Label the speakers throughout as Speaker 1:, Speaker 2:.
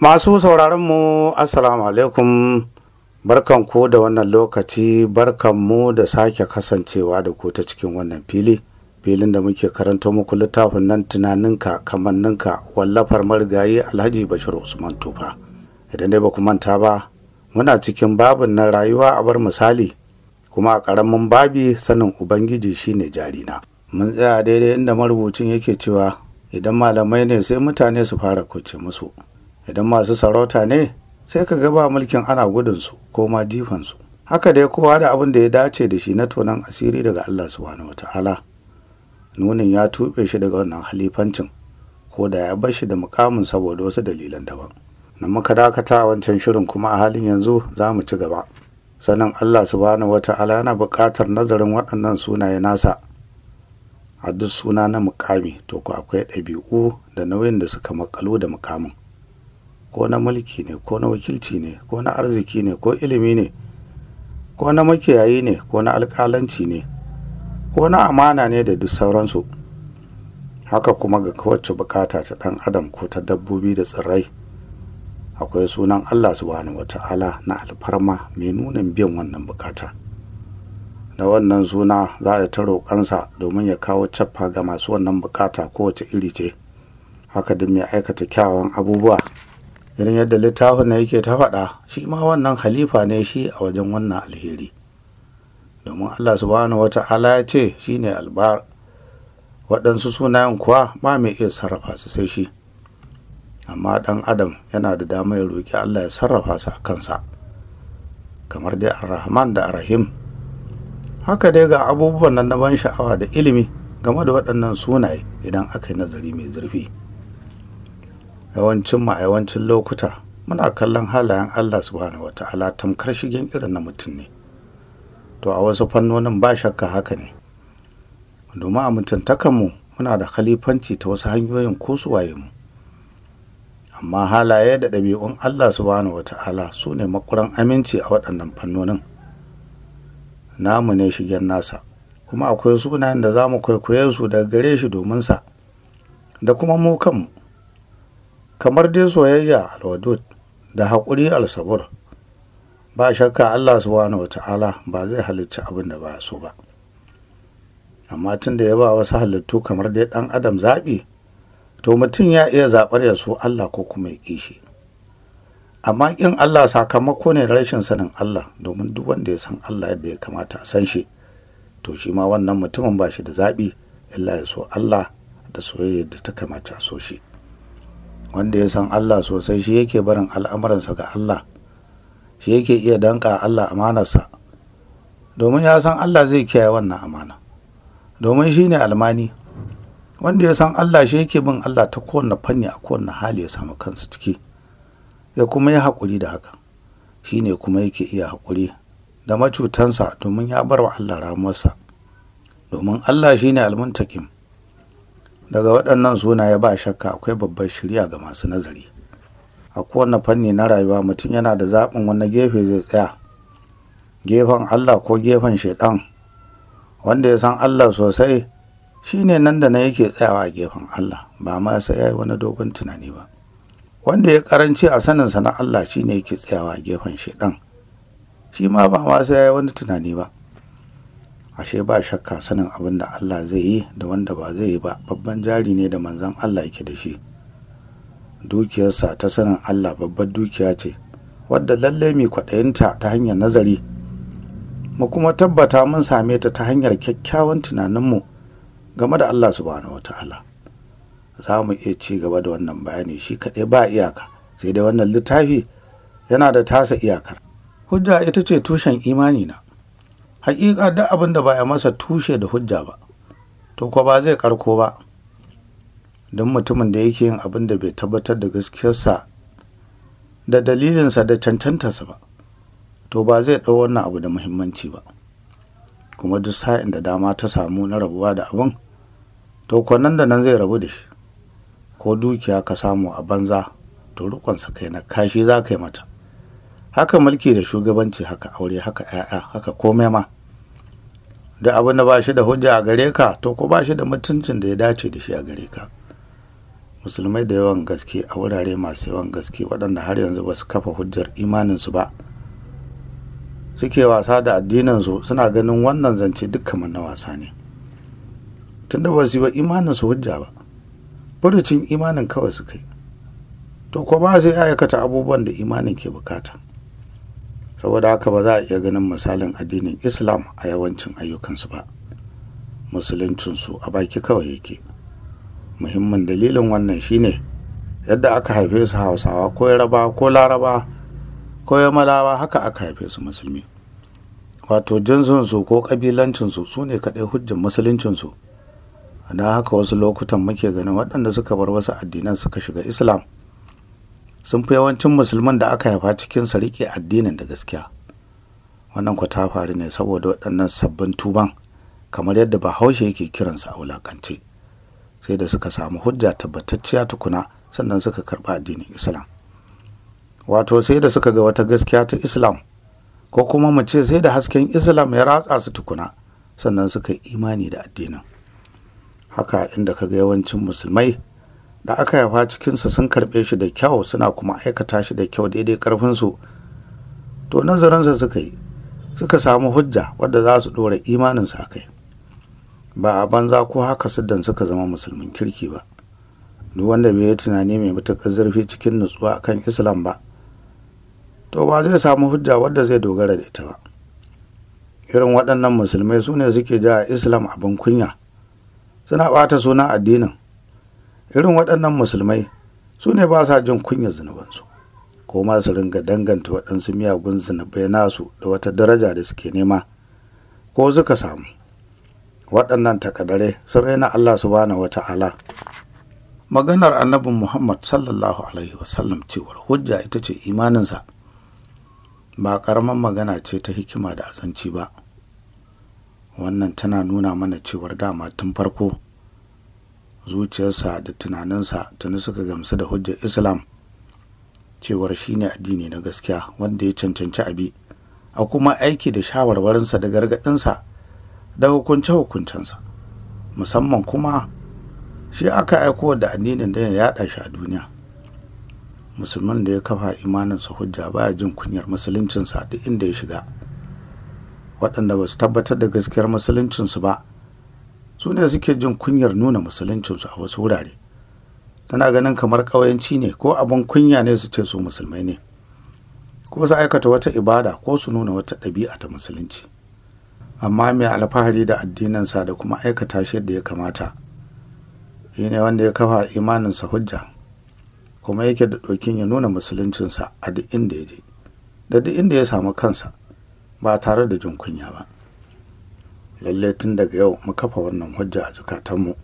Speaker 1: Masu mu Assalamu alaikum barkanku da wannan lokaci mu da sake kasancewa da ku ta cikin wannan fili filin da muke karanta muku littafin nan tunaninka kamanninka wallafar marigayi alhaji bashir usman tufa idan dai ba ku manta ba muna cikin babin na rayuwa a bar misali kuma a karamin babi sanin ubangiji shine jarina mun tsaya daidai inda marubucin yake cewa idan malamai ne sai mutane su fara kuce musu idan masu sarauta ne sai ka gaba mulkin ana gudunsu ko ma jifansu haka dai kowa da abin da ya dace da shi na tonan asiri daga Allah subhanahu wata'ala nunin ya tuɓe shi daga wannan halifancin ko da ya bar shi da mukamin saboda wasu dalilan daban na muka dakata a wancan shirin kuma a halin yanzu za mu ci gaba sannan Allah subhanahu wata'ala yana buƙatar nazarin waɗannan sunaye nasa a duk suna na mukami to ku akwai ɗabi'u da nauyin da suka makalo da mukamin ko na mulki ne ko na wakilci ne ko na arziki ne ko ilimi ne ko na makiyayi ne ko na alƙalanci ne ko na amana ne da duk sauransu haka kuma ga kowace bukata ta ɗan adam ko ta dabbobi da tsirrai akwai sunan allah subhanahu wata'ala na alfarma mai nunin biyan wannan bukata da wannan suna za a ta roƙansa domin ya kawo cappa ga masu wannan bukata kowace iri ce haka duk mai aikata kyawawan abubuwa irin yadda littafin na yake ta faɗa shi ma wannan halifa ne shi a wajen wannan alheri domin allah subhanahu wa ta'ala ya ce shi ne albar waɗansu sunayen kuwa ba mai iya sarrafa su sai shi amma ɗan adam yana da damar ya roƙi allah ya sarrafa su a kansa kamar dai arrahman da arahim haka dai ga abubuwan nan na ban sha'awa da ilimi game da waɗannan sunaye idan aka yi nazari mai zurfi. yawancin mu a yawancin lokuta muna kallon halayen Allah subhanahu wata'ala tamkar shigen irin na mutum ne to a wasu fannonin ba shakka haka ne domin a mu muna da khalifanci ta wasu hanyoyin ko su waye mu amma halaye da ɗabi'un Allah subhanahu wata'ala su ne makuran aminci a waɗannan fannonin namu ne shigen nasa kuma akwai sunayen da za mu kwaikwaye su daga gare shi domin sa da kuma mu kanmu kamar dai soyayya alwadud da haƙuri alsabur ba shakka Allah subhanahu wa ta'ala ba zai halicci abin da ba so ba amma tun da ya ba wasu halittu kamar dai ɗan adam zaɓi to mutum ya iya zaɓar ya so Allah ko kuma ya ƙishi amma ƙin Allah sakamako ne rashin sanin Allah domin duk wanda ya san Allah yadda ya kamata a san shi to shi ma wannan mutumin ba shi da zaɓi illa ya so Allah da soyayya da ta kamata a so shi. wanda ya san Allah sosai shi yake barin al'amuransa ga Allah shi yake iya danka Allah amanarsa domin ya san Allah zai kiyaye wannan amana domin shi ne almani wanda ya san Allah shi yake bin Allah ta kowane fanni a kowane hali ya samu kansa ciki ya kuma yi haƙuri da haka shi ne kuma yake iya haƙuri da macutansa domin ya bar wa Allah ramuwarsa domin Allah shi ne almuntakim daga waɗannan sunaye ba shakka akwai babbar shirya ga masu nazari a kowane fanni na rayuwa mutum yana da zaɓin wani gefe zai tsaya gefen allah ko gefen shaiɗan wanda ya san allah sosai shine nan da na yake tsayawa a gefen allah ba ma sai ya yi wani dogon tunani ba wanda ya karanci a saninsa na allah shine yake tsayawa a gefen shaiɗan shi ma ba ma sai ya yi wani tunani ba ashe ba shakka sanin abin da Allah zai yi da wanda ba zai yi ba babban jari ne da manzan Allah yake da shi dukiyarsa ta sanin Allah babbar dukiya ce wadda lallai mai kwaɗayinta ta hanyar nazari mu kuma tabbata mun same ta ta hanyar kyakkyawan tunaninmu game da Allah subhanahu wata'ala za mu iya ci gaba da wannan bayani shi kaɗai ba iyaka sai dai wannan littafi yana da tasa iyakar hujja ita ce tushen imani na hakika duk abin da ba a masa tushe da hujja ba to kuwa ba zai karko ba don mutumin da yake yin abin da bai tabbatar da gaskiyarsa da dalilinsa da cancantarsa ba to ba zai ɗau wannan abu da muhimmanci ba kuma duk sa'in da dama ta samu na rabuwa da abin to kwanan da nan zai rabu da shi ko dukiya ka samu a banza to rikonsa kai na kashi za ka yi mata haka mulki da shugabanci haka aure haka 'ya'ya haka komai ma da abin da ba shi da hujja a gare ka to ko ba shi da mutuncin da ya dace da shi a gare ka musulmai da yawan gaske a wurare masu yawan gaske waɗanda har yanzu ba su kafa hujjar imaninsu ba suke wasa da addininsu suna ganin wannan zance duk kamar na wasa ne tunda ba su yi ba imaninsu hujja ba furucin imanin kawai su kai to ko ba su aikata abubuwan da imanin ke bukata saboda haka ba za a iya ganin misalin addinin islam a yawancin ayyukansu ba musuluncinsu a baki kawai yake muhimmin dalilin wannan shine yadda aka haife su hausawa ko yaraba ko laraba ko yamalawa haka aka haife su musulmi wato jinsinsu ko kabilancinsu su ne kaɗai hujjan musuluncinsu a haka wasu lokutan muke ganin waɗanda suka bar wasu addinan suka shiga islam sun fi yawancin musulman da aka haifa cikin sa rike addinin da gaskiya wannan ku ta faru ne saboda waɗannan sabbin tuban kamar yadda bahaushe yake kiransa a wulakance sai da suka samu hujja tabbatacciya tukuna sannan suka karɓi addinin islam wato sai da suka ga wata gaskiya ta islam ko kuma mu ce sai da hasken islam ya ratsa su tukuna sannan suka yi imani da addinin haka inda ka ga yawancin musulmai da aka yafa cikinsu sun karɓe shi da kyau suna kuma aikata shi da kyau daidai ƙarfinsu to nazarinsa suka yi suka samu hujja wadda za su ɗora imaninsu a kai ba a banza ko haka siddan suka zama musulmin kirki ba duk wanda bai yi tunani mai matuƙar zurfi cikin nutsuwa kan islam ba to ba zai samu hujja wadda zai dogara da ita ba irin waɗannan musulmai su ne suke ja islam abin kunya suna ɓata sunan addinin irin waɗannan musulmai su ne ba sa jin kunyar zunubansu ko ma su ringa danganta waɗansu miyagun zunubai nasu da wata daraja da suke nema ko suka samu waɗannan takadare sun raina Allah su bana wata ala. maganar annabin Muhammad sallallahu alaihi wasallam cewar hujja ita ce imaninsa ba ƙaramin magana ce ta hikima da azanci ba wannan tana nuna mana cewar dama tun farko zuciyarsa da tunaninsa tuni suka gamsu da hujjar islam cewar shine addini na gaskiya wanda ya cancanci abi a kuma aiki da shawarwarinsa da gargaɗinsa da hukunce-hukuncensa musamman kuma shi aka aiko da addinin da ya yada shi a duniya Musulmin da ya kafa imaninsa hujja baya jin kunyar musuluncinsa da inda ya shiga waɗanda ba su tabbatar da gaskiyar musuluncinsu ba su ne suke jin kunyar nuna musuluncinsu a wasu wurare tana ganin kamar ƙawayenci ne ko abin kunya ne su ce su musulmai ne ko su aikata wata ibada ko su nuna wata ɗabi'a ta musulunci amma mai alfahari da addininsa da kuma aikata shi yadda ya kamata shi ne wanda ya kafa imaninsa hujja kuma yake da ɗokin ya nuna musuluncinsa a duk inda ya je da duk inda ya samu kansa ba tare da jin kunya ba lalle tun daga yau mu kafa wannan hujja a zukatanmu mu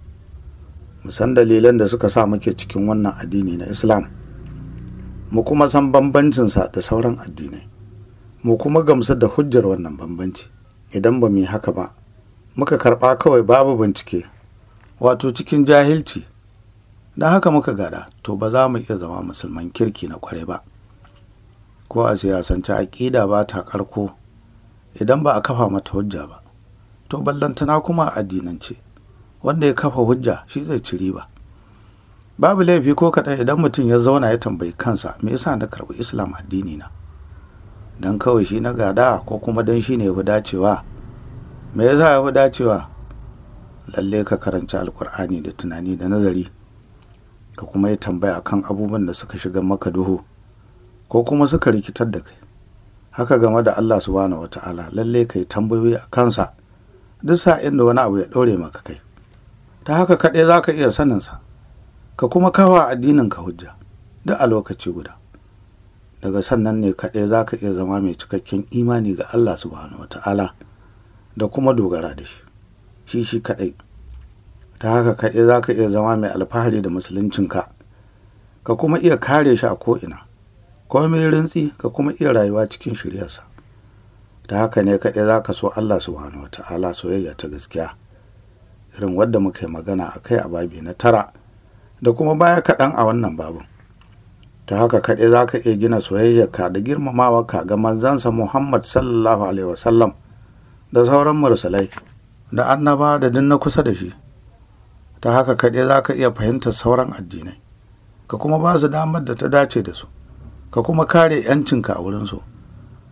Speaker 1: Mu san dalilan da suka sa muke cikin wannan addini na islam mu kuma san bambancinsa da sauran addinai mu kuma gamsu da hujjar wannan bambanci idan ba mu haka ba muka karɓa kawai babu bincike wato cikin jahilci da haka muka gada to ba za mu iya zama musulman kirki na kwarai ba ko a siyasance aƙida ba ta ƙarko idan ba a kafa mata hujja ba to ballantana kuma a addinance wanda ya kafa hujja shi zai ci riba babu laifi ko kaɗan idan mutum ya zauna ya tambayi kansa me yasa na karɓi islam addini na don kawai shi na gada ko kuma don shi ne ya fi dacewa me yasa ya fi dacewa lalle ka karanci alkur'ani da tunani da nazari ka kuma ya tambaya kan abubuwan da suka shiga maka duhu ko kuma suka rikitar da kai haka game da Allah subhanahu Ta'ala, lalle ka yi tambayoyi a kansa duk sa'in da wani abu ya ɗaure maka kai ta haka kaɗai za ka iya saninsa ka kuma kawo addinin ka hujja duk a lokaci guda daga sannan ne kaɗai za ka iya zama mai cikakken imani ga Allah subhanahu ta'ala da kuma dogara da shi shi shi kaɗai ta haka kaɗai za ka iya zama mai alfahari da musuluncinka ka kuma iya kare shi a ko'ina mai rintsi ka kuma iya rayuwa cikin shiryarsa ta haka ne kaɗai za ka so allah subhanahu wata'ala soyayya ta gaskiya irin wadda muka yi magana a kai a babi na tara da kuma baya kaɗan a wannan babin ta haka kaɗai za ka iya gina soyayyarka da girmamawa ka ga manzansa muhammad sallallahu alaihi wasallam da sauran mursalai da annaba da din na kusa da shi ta haka kaɗai za ka iya fahimtar sauran addinai ka kuma ba su damar da ta dace da su ka kuma kare 'yancinka a wurinsu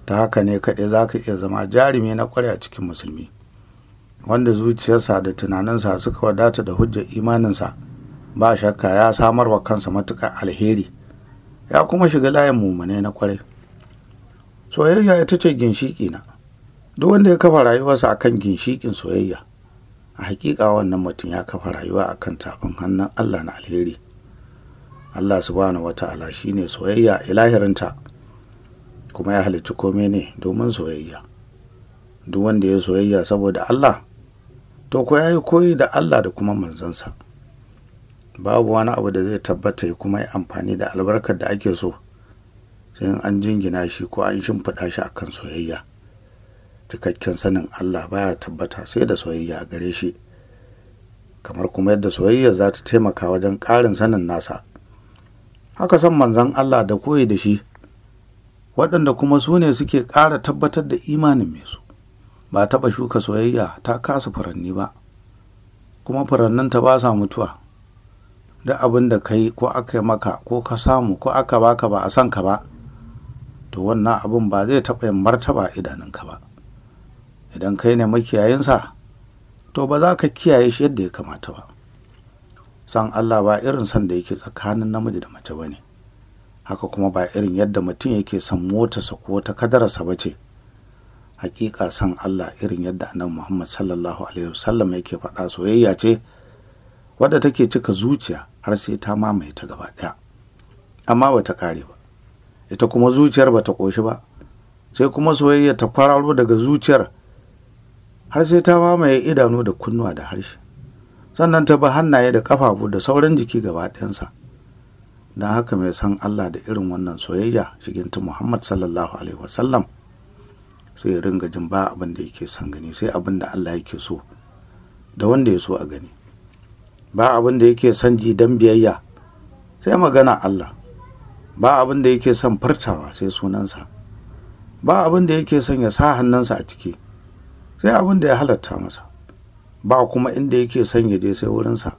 Speaker 1: ta haka ne kaɗai za ka iya zama jarumi na ƙwarya a cikin musulmi wanda zuciyarsa da tunaninsa suka wadata da hujjar imaninsa ba shakka ya samar wa kansa matuƙar alheri ya kuma shiga layin mumune na ƙwarai soyayya ita ce ginshiƙi na duk wanda ya kafa rayuwarsa akan ginshiƙin soyayya a haƙiƙa wannan mutum ya kafa rayuwa akan tafin hannun Allah na alheri Allah subhanahu ta'ala shine soyayya ilahirinta kuma ya halicci komai ne domin soyayya duk wanda ya soyayya saboda Allah to ko yayi koyi da Allah da kuma manzansa babu wani abu da zai tabbata ya kuma yi amfani da albarkar da ake so sai an jingina shi ko an shimfiɗa shi a kan soyayya cikakken sanin Allah baya tabbata sai da soyayya a gare shi kamar kuma yadda soyayya za ta taimaka wajen ƙarin sanin nasa haka san manzan Allah da koyi da shi waɗanda kuma su ne suke ƙara tabbatar da imanin mai su ba taɓa shuka soyayya ta kasa furanni ba kuma furannin ta ba sa mutuwa da abin da kai ko aka yi maka ko ka samu ko aka baka ba a san ka ba to wannan abin ba zai taɓa yin martaba idanunka ba idan kai ne makiyayinsa to ba za ka kiyaye shi yadda ya kamata ba san Allah ba irin san da yake tsakanin namiji da mace ba ne haka kuma ba irin yadda mutum yake son motarsa ko ta kadararsa ba ce hakika san Allah irin yadda annabi Muhammad sallallahu alaihi wasallam yake faɗa soyayya ce wadda take cika zuciya har sai ta mamaye ta gaba ɗaya amma bata kare ba ita kuma zuciyar bata ƙoshi ba sai kuma soyayya ta kwararo daga zuciyar har sai ta mamaye idanu da kunnuwa da harshe sannan ta bi hannaye da ƙafafu da sauran jiki gaba ɗayansa don haka mai san Allah da irin wannan soyayya shiginta Muhammad sallallahu alaihi wasallam sai ya ringa jin ba abinda da yake son gani sai abinda da Allah yake so da wanda ya so a gani ba abinda da yake son ji don biyayya sai magana Allah ba abinda da yake son farcawa sai sunansa ba abinda da yake son ya sa hannunsa a ciki sai abinda ya halatta masa ba kuma inda yake son ya je sai wurinsa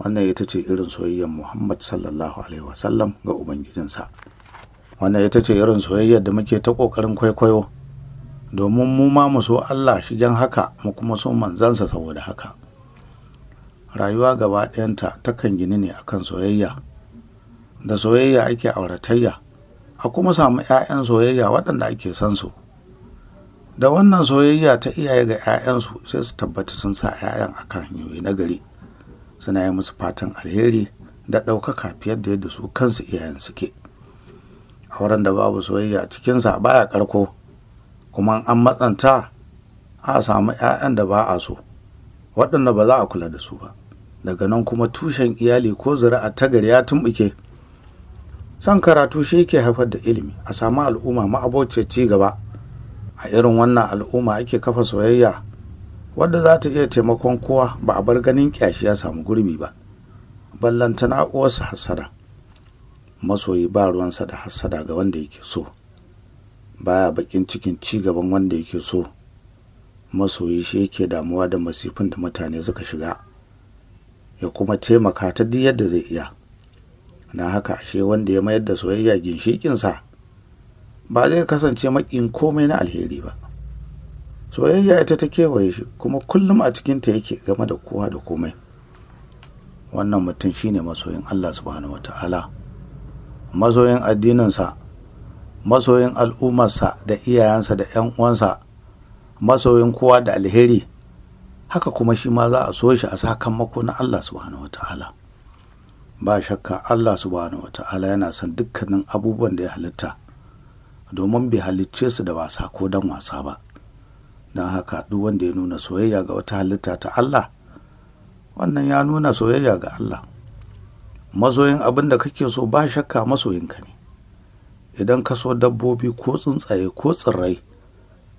Speaker 1: wannan ita ce irin soyayyar muhammad sallallahu alaihi wasallam ga ubangijinsa wannan ita ce irin soyayyar da muke ta ƙoƙarin kwaikwayo domin mu ma mu so allah shigen haka mu kuma so manzansa saboda haka rayuwa gaba ɗayanta takan gini ne akan soyayya da soyayya ake auratayya a kuma samu 'ya'yan soyayya waɗanda ake son su da wannan soyayya ta iyaye ga 'ya'yansu sai su tabbata sun sa 'ya'yan akan hanyoyi na gari suna yi musu fatan alheri da ɗaukaka fiye da yadda su kansu iyayen suke a wurin da babu soyayya cikinsa baya karko kuma an matsanta a samu 'ya'yan da ba a so waɗanda ba za a kula da su ba daga nan kuma tushen iyali ko zuri'a ta gari ya tumɓuke son karatu shi yake haifar da ilimi a samu al'umma ma'abocin ci gaba a irin wannan al'umma ake kafa soyayya wadda za ta iya taimakon kowa ba a bar ganin kyashi ya samu gurbi ba ballantana uwarsa hassada masoyi ba ruwansa da hassada ga wanda yake so baya bakin cikin ci gaban wanda yake so masoyi shi yake damuwa da masifin da mutane suka shiga ya kuma taimaka ta duk yadda zai iya na haka ashe wanda ya mayar da soyayya ginshikinsa ba zai kasance makin komai na alheri ba soyayya ita ta kewaye shi kuma kullum a cikinta yake game da kowa da komai wannan mutum shine masoyin Allah subhanahu wata'ala masoyin addininsa masoyin al'ummarsa da iyayensa da 'yan uwansa masoyin kowa da alheri haka kuma shi ma za a so shi a sakamako na Allah subhanahu wata'ala ba shakka Allah subhanahu wata'ala yana son dukkanin abubuwan da ya halitta domin bai halicce su da wasa ko dan wasa ba don haka duk wanda ya nuna soyayya ga wata halitta ta Allah wannan ya nuna soyayya ga Allah masoyin abin da kake so ba shakka masoyinka ne idan ka so dabbobi ko tsuntsaye ko tsirrai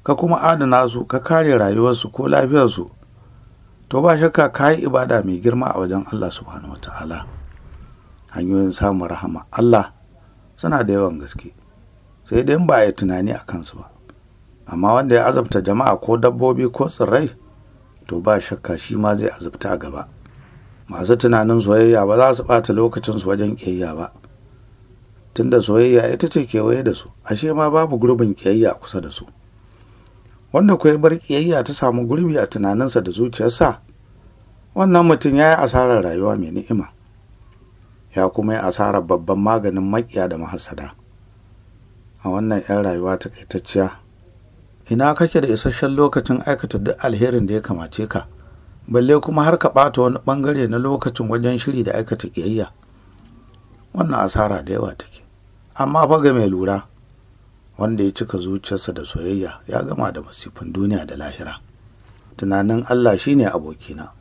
Speaker 1: ka kuma adana su ka kare rayuwarsu ko lafiyar su, to ba shakka ka yi ibada mai girma a wajen Allah subhanahu wata'ala hanyoyin samun rahama Allah suna da yawan gaske sai dai ba a yi tunani a kansu ba amma wanda ya azabta jama'a ko dabbobi ko tsirrai to ba shakka shi ma zai azabta a gaba masu tunanin soyayya ba za su ɓata lokacinsu wajen ƙiyayya ba tunda soyayya ita ce kewaye da su ashe ma babu gurbin ƙiyayya kusa da su wanda kuwa bar ƙiyayya ta samu gurbi a tunaninsa da zuciyarsa wannan mutum ya yi asarar rayuwa mai ni'ima ya kuma yi asarar babban maganin maƙiya da mahasada a wannan 'yan rayuwa takaitacciya ina kake da isasshen lokacin aikata duk alherin da ya kamace ka balle kuma har ka ɓata wani bangare na lokacin wajen shiri da aikata ƙiyayya wannan asara da yawa take amma fa ga mai lura wanda ya cika zuciyarsa da soyayya ya gama da masifin duniya da lahira tunanin allah shine abokina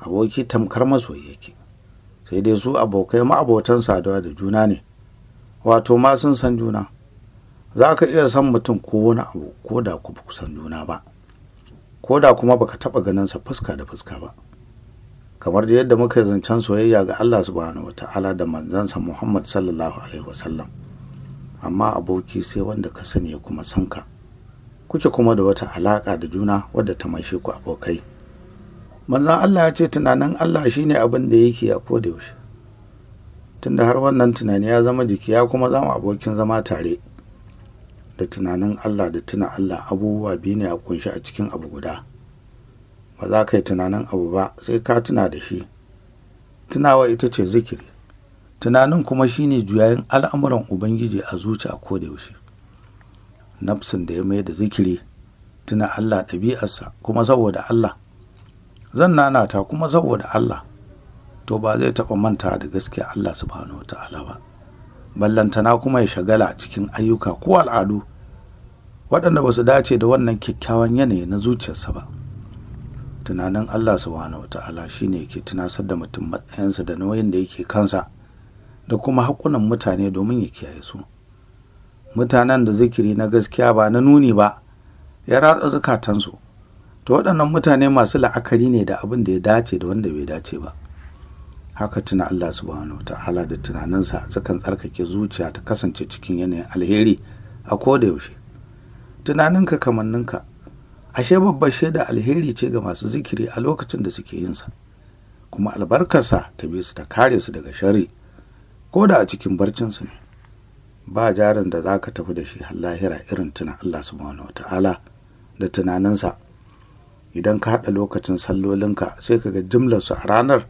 Speaker 1: aboki tamkar masoyi yake sai dai su abokai ma'abotan saduwa da juna ne wato ma sun san juna za ka iya san mutum ko wani abu ko da ku kusan juna ba ko da kuma baka taɓa sa fuska da fuska ba kamar da yadda muka zancen soyayya ga Allah subhanahu wata'ala da manzansa Muhammad sallallahu alaihi wasallam amma aboki sai wanda ka sani ya kuma san ka kuke kuma da wata alaka da juna wadda ta maishe ku abokai manzan Allah ya ce tunanin Allah shine abin da yake a koda yaushe tunda har wannan tunani ya zama jiki ya kuma zama abokin zama tare da tunanin Allah da tuna Allah abubuwa biyu ne a kunshi a cikin abu guda ba za ka yi tunanin abu ba sai ka tuna da shi tunawa ita ce zikiri tunanin kuma shine juyayin al'amuran ubangiji a zuciya ko da yaushe nafsin da ya mai da zikiri tuna Allah ɗabi'arsa kuma saboda Allah zan nanata kuma saboda Allah to ba zai taɓa manta da gaskiya Allah subhanahu wa ta'ala ba ballantana kuma ya shagala cikin ayyuka ko al'adu waɗanda ba su dace da wannan kyakkyawan yanayi na zuciyarsa ba tunanin allah subhanahu wa ta'ala ne ke tunasar da mutum matsayinsa da nauyin da yake kansa da kuma haƙunan mutane domin ya kiyaye su mutanen da zikiri na gaskiya ba na nuni ba ya ratsa zukatansu to waɗannan mutane masu la'akari ne da abin da ya dace da wanda bai dace ba haka tuna Allah subhanahu ta'ala da tunaninsa sukan tsarkake zuciya ta kasance cikin yanayin alheri a ko da yaushe tunaninka kamanninka ashe babbar shaida alheri ce ga masu zikiri a lokacin da suke yin sa kuma albarkarsa ta bi su ta kare su daga shari ko da a cikin barcinsu ne ba jarin da za ka tafi da shi har lahira irin tuna Allah subhanahu ta'ala da tunaninsa idan ka haɗa lokacin sallolinka sai ka ga su a ranar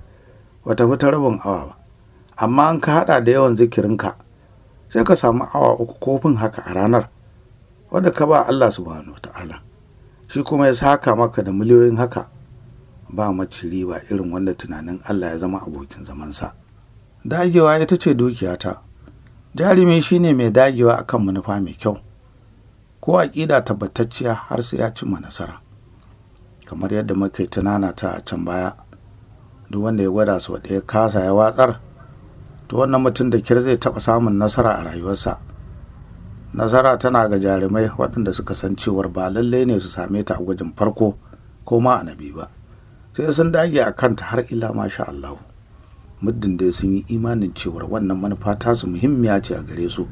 Speaker 1: wata fi ta rabin awa ba amma an ka haɗa da yawan zikirinka sai ka samu awa uku kofin haka a ranar wadda ka ba Allah subhanahu ta'ala shi kuma ya saka maka da miliyoyin haka ba maciri riba irin wanda tunanin Allah ya zama abokin zamansa dagewa ita ce dukiyata jarumi shine mai dagewa akan manufa mai kyau ko aƙida tabbatacciya har sai ya cimma nasara kamar yadda muka yi tunana ta a can baya duk wanda ya gwada su da ya kasa ya watsar to wannan mutum da kir zai taɓa samun nasara a rayuwarsa nasara tana ga jarumai waɗanda suka san cewar ba lallai ne su same ta a gwajin farko ko ma annabi ba sai sun dage a kanta har ila masha Allah muddin dai sun yi imanin cewar wannan manufa su muhimmiya ce a gare su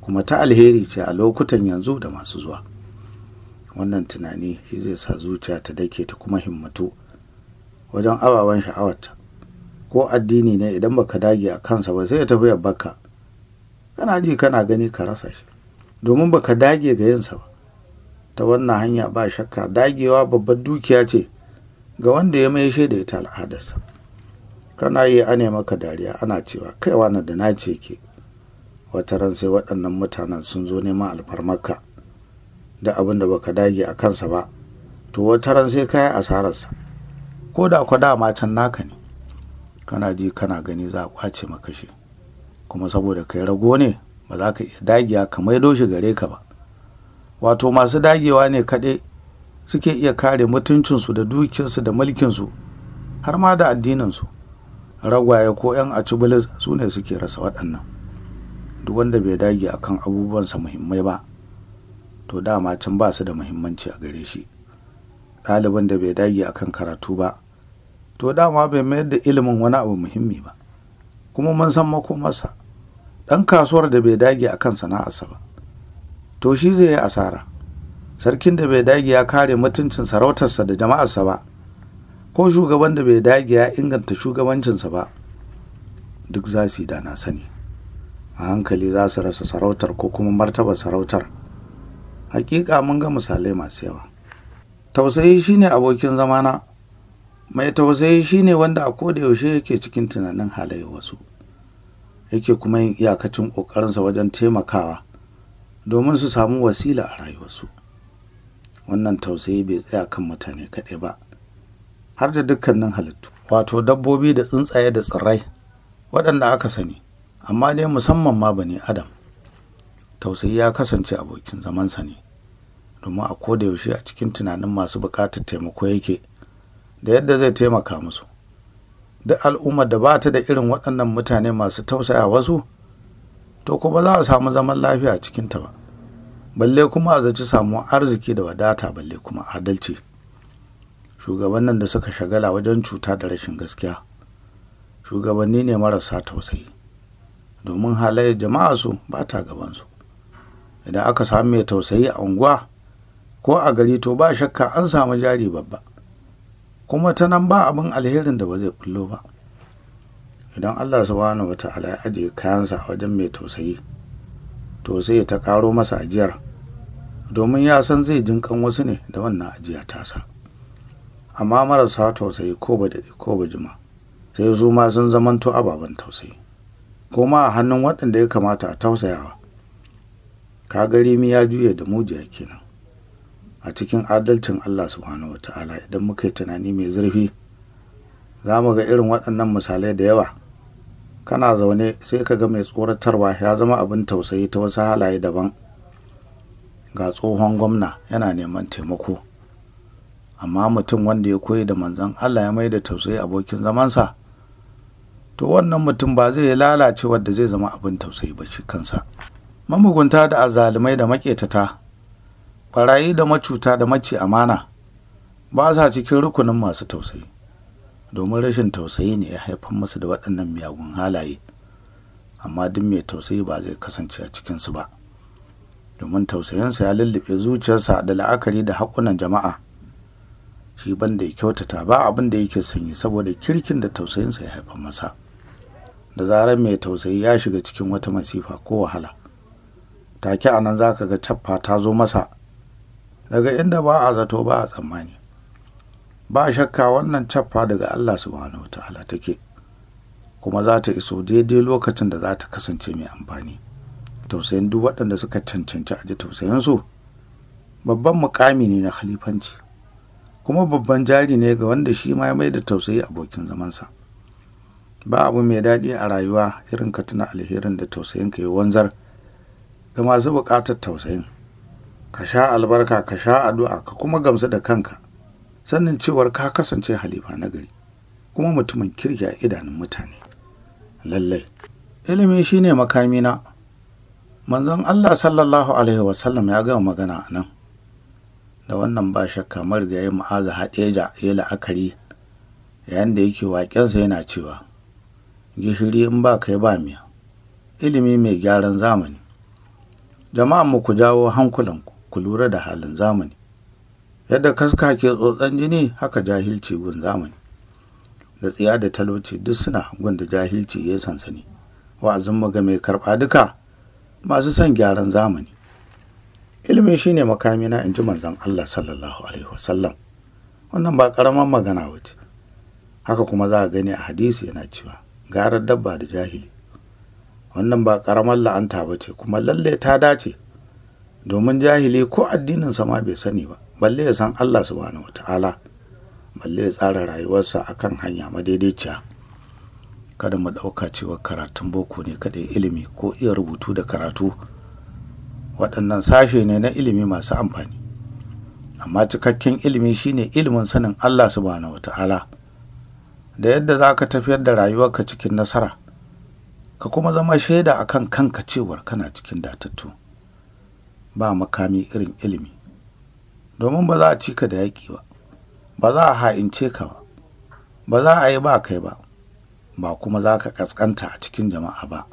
Speaker 1: kuma ta alheri ce a lokutan yanzu da masu zuwa wannan tunani shi zai sa zuciya ta dake ta kuma himmatu wajen ababen sha'awarta ko addini ne idan baka dage a kansa ba sai ya tafi ya baka kana ji kana gani ka rasa shi domin baka dage ga yinsa ba ta wannan hanya ba shakka dagewa babbar dukiya ce ga wanda ya mai shaida ita al'adarsa kana yi ane maka dariya ana cewa kaiwa na da na ce ke wata ran sai waɗannan mutanen sun zo neman alfarmarka da abin da baka dage a kansa ba to wata ran sai yi asararsa ko da kwa dama can naka ne kana ji kana gani za a kwace maka shi kuma saboda kai rago ne ba za ka iya dagiya ka maido shi gare ka ba wato masu dagewa ne kaɗai suke iya kare mutuncinsu da dukinsu da mulkinsu har ma da addininsu ragwaye ko 'yan acibilis su ne suke rasa waɗannan duk wanda bai dage akan abubuwansa muhimmai ba to dama can ba su da muhimmanci a gare shi ɗaliban da bai dage akan karatu ba to dama bai mayar da ilimin wani abu muhimmi ba kuma mun san makomarsa ɗan kasuwar da bai dage a kan sana'arsa ba to shi zai yi asara sarkin da bai dage ya kare mutuncin sarautarsa da jama'arsa ba ko shugaban da bai dage ya inganta shugabancinsa ba duk za su yi da na sani a hankali za su rasa sarautar ko kuma martaba sarautar hakika mun ga misalai masu yawa tausayi shine abokin zamana mai tausayi shine wanda a koda yaushe yake cikin tunanin halayen wasu yake kuma yin iyakacin ƙoƙarinsa wajen taimakawa domin su samu wasila a rayuwarsu wannan tausayi bai tsaya kan mutane kaɗai ba har da dukkanin halittu wato dabbobi da tsuntsaye da tsirrai waɗanda aka sani amma dai musamman ma bani adam tausayi ya kasance abokin zamansa ne domin a koda yaushe a cikin tunanin masu buƙatar taimako yake da yadda zai taimaka musu duk al'ummar da ba ta da irin waɗannan mutane masu tausaya wasu to ko ba za a samu zaman lafiya cikin cikinta ba balle kuma a zaci samu arziki da wadata balle kuma adalci shugabannin da suka shagala wajen cuta da rashin gaskiya shugabanni ne marasa tausayi domin halayyar jama'a su ba ta gabansu idan aka samu mai tausayi a unguwa ko a gari to ba shakka an samu jari babba kuma ta nan ba abin alherin da ba zai kullo ba idan allah subhanahu wa ta'ala ya ajiye kayansa a wajen mai tausayi to sai ta karo masa ajiyar domin ya san zai jinkan wasu ne da wannan ajiya tasa amma marasa tausayi ko ba daɗe ko ba jima sai su ma sun zamanto ababen tausayi ko a hannun waɗanda ya kamata a tausayawa ka gari mi ya juye da mujiya kenan a cikin adalcin Allah subhanahu wa idan muka yi tunani mai zurfi za mu ga irin waɗannan misalai da yawa kana zaune sai ka ga mai tsoratarwa ya zama abin tausayi ta wasu halaye daban ga tsohon gwamna yana neman taimako amma mutum wanda ya koyi da manzan Allah ya mai da tausayi abokin zamansa to wannan mutum ba zai lalace wadda zai zama abin tausayi ba shi kansa mamugunta da azalimai da maƙetata Barayi da macuta da mace amana ba sa cikin rukunin masu tausayi domin rashin tausayi ne ya haifar musu da waɗannan miyagun halaye amma duk mai tausayi ba zai kasance a cikinsu ba domin tausayinsa ya lullube zuciyarsa da la'akari da haƙunan jama'a shi banda ya kyautata ba abin da yake sanyi saboda kirkin da tausayinsa ya haifar masa da zarar mai tausayi ya shiga cikin wata masifa ko wahala take a nan za ka ga caffa ta zo masa daga inda ba a zato ba a tsammani ba shakka wannan caffa daga Allah subhanahu wa ta'ala take kuma za ta iso daidai lokacin da za ta kasance mai amfani tausayin duk waɗanda suka cancanci a ji tausayinsu babban mukami ne na khalifanci kuma babban jari ne ga wanda shi ma mai da tausayi abokin zamansa ba abu mai daɗi a rayuwa irin ka tuna alherin da tausayin ka yi wanzar ga masu buƙatar tausayin ka sha albarka ka sha addu'a ka kuma gamsu da kanka sannan cewar ka kasance halifa na gari kuma mutumin kirki a idanun mutane lallai ilimi shine makamina manzon Allah sallallahu alaihi wasallam ya gama magana nan da wannan ba shakka marigayi ma'aza haɗeja ya la'akari yayin da yake waƙensa yana cewa gishiri in ba kai ba miya ilimi mai gyaran zamani jama'an mu ku jawo hankulanku ku lura da halin zamani yadda kaska ke tsotsan jini haka jahilci gun zamani da tsiya da talauci duk suna gun da jahilci ya sansani wa'azin maga mai karɓa duka masu son gyaran zamani ilimi shine makami na inji manzon Allah sallallahu alaihi wasallam wannan ba karaman magana wace haka kuma za a gani a hadisi yana cewa garar dabba da jahili wannan ba karamar la'anta ba ce kuma lalle ta dace domin jahili ko addinin sama bai sani ba balle ya san Allah subhanahu wata'ala balle ya tsara rayuwarsa akan hanya madaidaiciya kada mu ɗauka cewa karatun boko ne kada ilimi ko iya rubutu da karatu waɗannan sashe ne na ilimi masu amfani amma cikakken ilimi shine ilimin sanin Allah subhanahu wata'ala da yadda za ka tafiyar da rayuwarka cikin nasara ka kuma zama shaida akan kanka cewar kana cikin datattu ba makami irin ilimi domin ba za a cika da yaƙi ba ba za a ha'ince ka ba ba za a yi ba kai ba ba kuma za ka kaskanta a cikin jama'a ba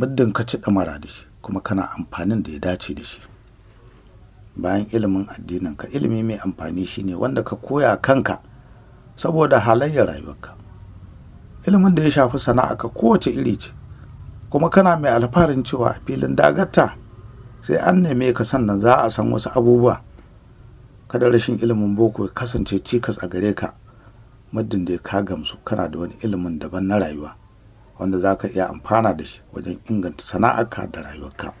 Speaker 1: muddin ka ci ɗamara da shi kuma kana amfanin da ya dace da shi bayan ilimin addinin ka ilimi mai amfani shine wanda ka koya kanka saboda halayyar rayuwarka ilimin da ya shafi sana'a ka kowace iri ce kuma kana mai alfaharin cewa a filin dagata. sai an neme ka sannan za a san wasu abubuwa kada rashin ilimin boko ya kasance cikas a gare ka muddin da ka gamsu kana da wani ilimin daban na rayuwa wanda za ka iya amfana da shi wajen inganta sana'arka da rayuwarka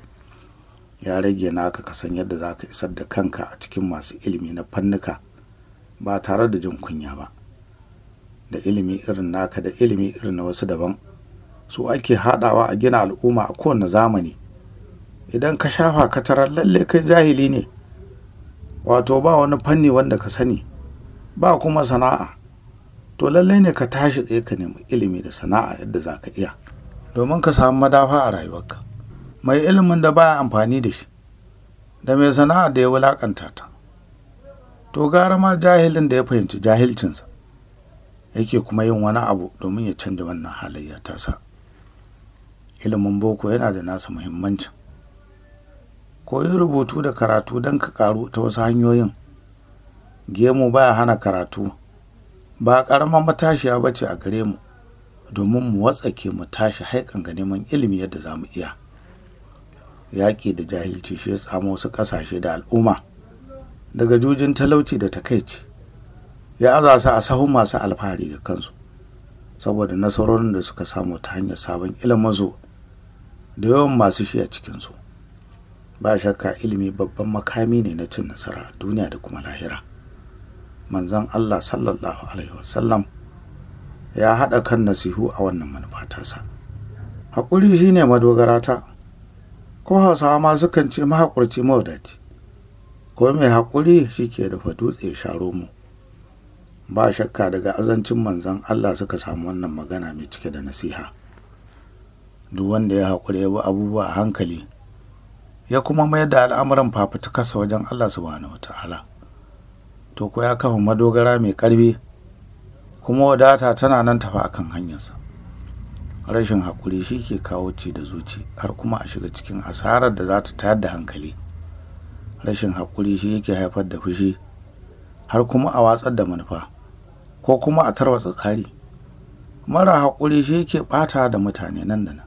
Speaker 1: ya rage naka ka san yadda za ka isar da kanka a cikin masu ilimi na fannuka ba tare da jin kunya ba da ilimi irin naka da ilimi irin na wasu daban su ake haɗawa a gina al'umma a kowane zamani idan ka shafa ka tarar lalle kai jahili ne wato ba wani fanni wanda ka sani ba kuma sana'a to lalle ne ka tashi tsaye ka nemi ilimi da sana'a yadda za ka iya domin ka samu madafa a rayuwarka mai ilimin da baya amfani da shi da mai sana'a da ya wulakanta ta to gara ma jahilin da ya fahimci jahilcinsa yake kuma yin wani abu domin ya canja wannan halayya tasa ilimin boko yana da nasa muhimmancin koyi rubutu da karatu don ka karu ta wasu hanyoyin gemu baya hana karatu ba ƙaramar matashiya ba ce a gare mu domin mu watsake mu tashi haikan ga neman ilimi yadda za mu iya yaƙi da jahilci shi ya tsamo wasu ƙasashe da al'umma daga jujin talauci da takaici ya aza su a sahun masu alfahari da kansu saboda nasarorin da suka samu ta hanyar sabon ilimin da yawan masu shi a cikinsu ba shakka ilimi babban makami ne na cin nasara a duniya da kuma lahira manzon Allah sallallahu alaihi wasallam ya haɗa kan nasihu a wannan manufa haƙuri shine madogarata. ko hausawa ma sukan ce mahaƙurci mawadaci ko mai haƙuri shi ke dafa dutse sharo mu ba shakka daga azancin manzon Allah suka samu wannan magana mai cike da nasiha duk wanda ya haƙuri ya bi abubuwa a hankali ya kuma mayar da al'amuran fafutukarsa wajen Allah subhanahu wa ta'ala to ko ya kafa madogara mai ƙarfi kuma wadata tana nan tafa akan hanyarsa rashin haƙuri shi ke kawo ci da zuci har kuma a shiga cikin asarar da za ta tayar da hankali rashin haƙuri shi yake haifar da fushi har kuma a watsar da manufa ko kuma a tarwatsa tsari mara haƙuri shi yake ɓata da mutane nan da nan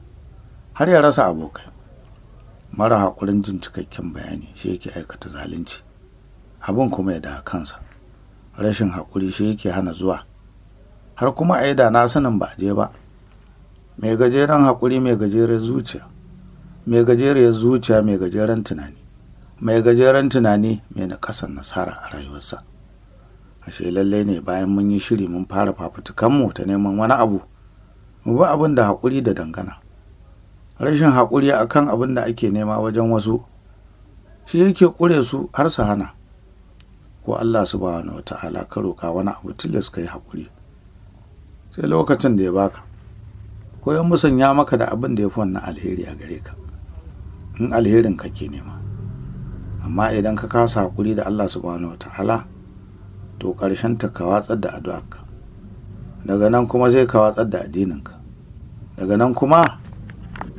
Speaker 1: har ya rasa abokai mara haƙurin jin cikakken bayani shi yake aikata zalunci abin kuma ya da kansa rashin haƙuri shi yake hana zuwa har kuma a yi da na sanin ba je ba mai gajeren haƙuri mai gajeren zuciya mai gajeren zuciya mai gajeren tunani mai gajeren tunani mai na ƙasar nasara a rayuwarsa ashe lallai ne bayan mun yi shiri mun fara fafutukanmu ta neman wani abu mu bi abin da haƙuri da dangana rashin haƙuri a kan abin da ake nema wajen wasu shi yake ƙure su har su hana ko Allah subhanahu wa ta'ala ka roƙa wani abu tilas ka yi haƙuri sai lokacin da ya baka ko ya musanya maka da abin da ya fi wannan alheri a gare ka in alherin ka ke nema amma idan ka kasa haƙuri da Allah subhanahu wa ta'ala to ƙarshen ta ka watsar da addu'arka daga nan kuma zai ka watsar da addinin ka daga nan kuma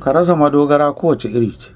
Speaker 1: ka rasa madogara kowace iri ce